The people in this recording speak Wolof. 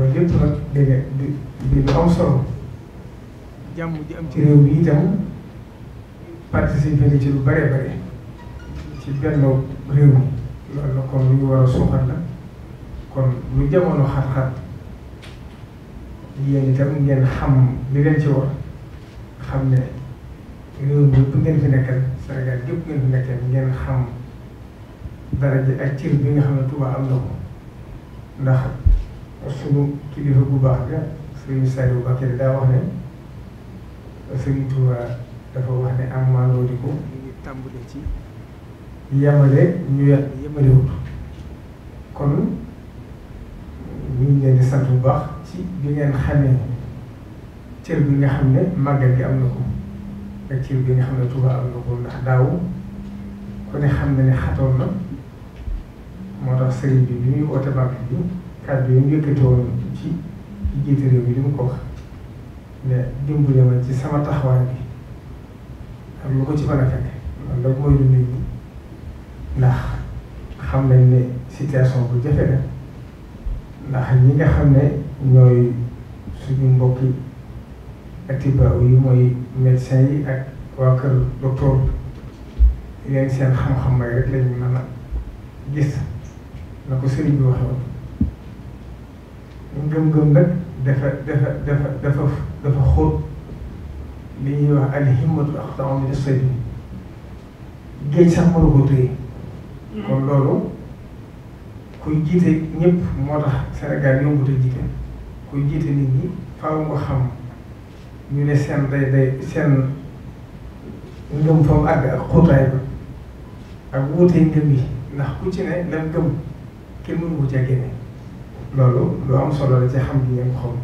loolu lépp nag di di di lu am solo jàmm ji am ci réew mi itam participer nga ci lu bare bare ci benn réew mi loolu la kon lu ñu war a suuxat la kon lu jamono xat-xat yéen itam ngeen xam li leen ci war xam ne réew mi bu ngeen fi nekkal Sénégal gépp ngeen fi nekkal ngeen xam daraja ak cër bi nga xam ne Tuubaa am na ko ndax suñu kilifa bu baax ga suñu Saliou Mbacké daa wax ne suñu Tuuba dafa wax ne am maanoo di ko ñu tàmbalee ci yemale ñu yemalewut kon ñu ngi leen di sant bu baax ci bi ngeen xamee cër bi nga xam ne màggal gi am na ko ak cër bi nga xam ne Tuuba na ko ndax daaw ku ne xam ne ne xatoon na moo tax sëriñ bi bi ñuy woote màggal bi kàddu yi mu yëkkati woon ci jiite réew mi li mu ko wax ne dimbali ma ci sama taxawaay bi ak lu ko ci mën a fekk loolu nag mooy lu nit ñi ndax xam nañ ne situation bu jafe la ndax ñi nga xam ne ñooy suñu mbokki atibaaw yi mooy médecin yi ak waa kër docteur yéen seen xam-xam may rek lañu mën a gis na ko sëriñ bi waxee ngëm gëm nag dafa dafa dafa dafa dafa xóot li ñuy wax alhimmatu axtaru min as-sayf géej sax mënu ko téye mm. kon loolu kuy jiite ñëpp moo tax Sénégal yombut a jiite kuy jiite nit ñi faaw nga xam ñu ne seen day day seen ngëm fa mu àgg ak xóotaay ba ak wuutee ngëm yi ndax ku ci ne lan gëm kenn mënu ko ca loolu lu am solo la ci xam gi ngeen ko xam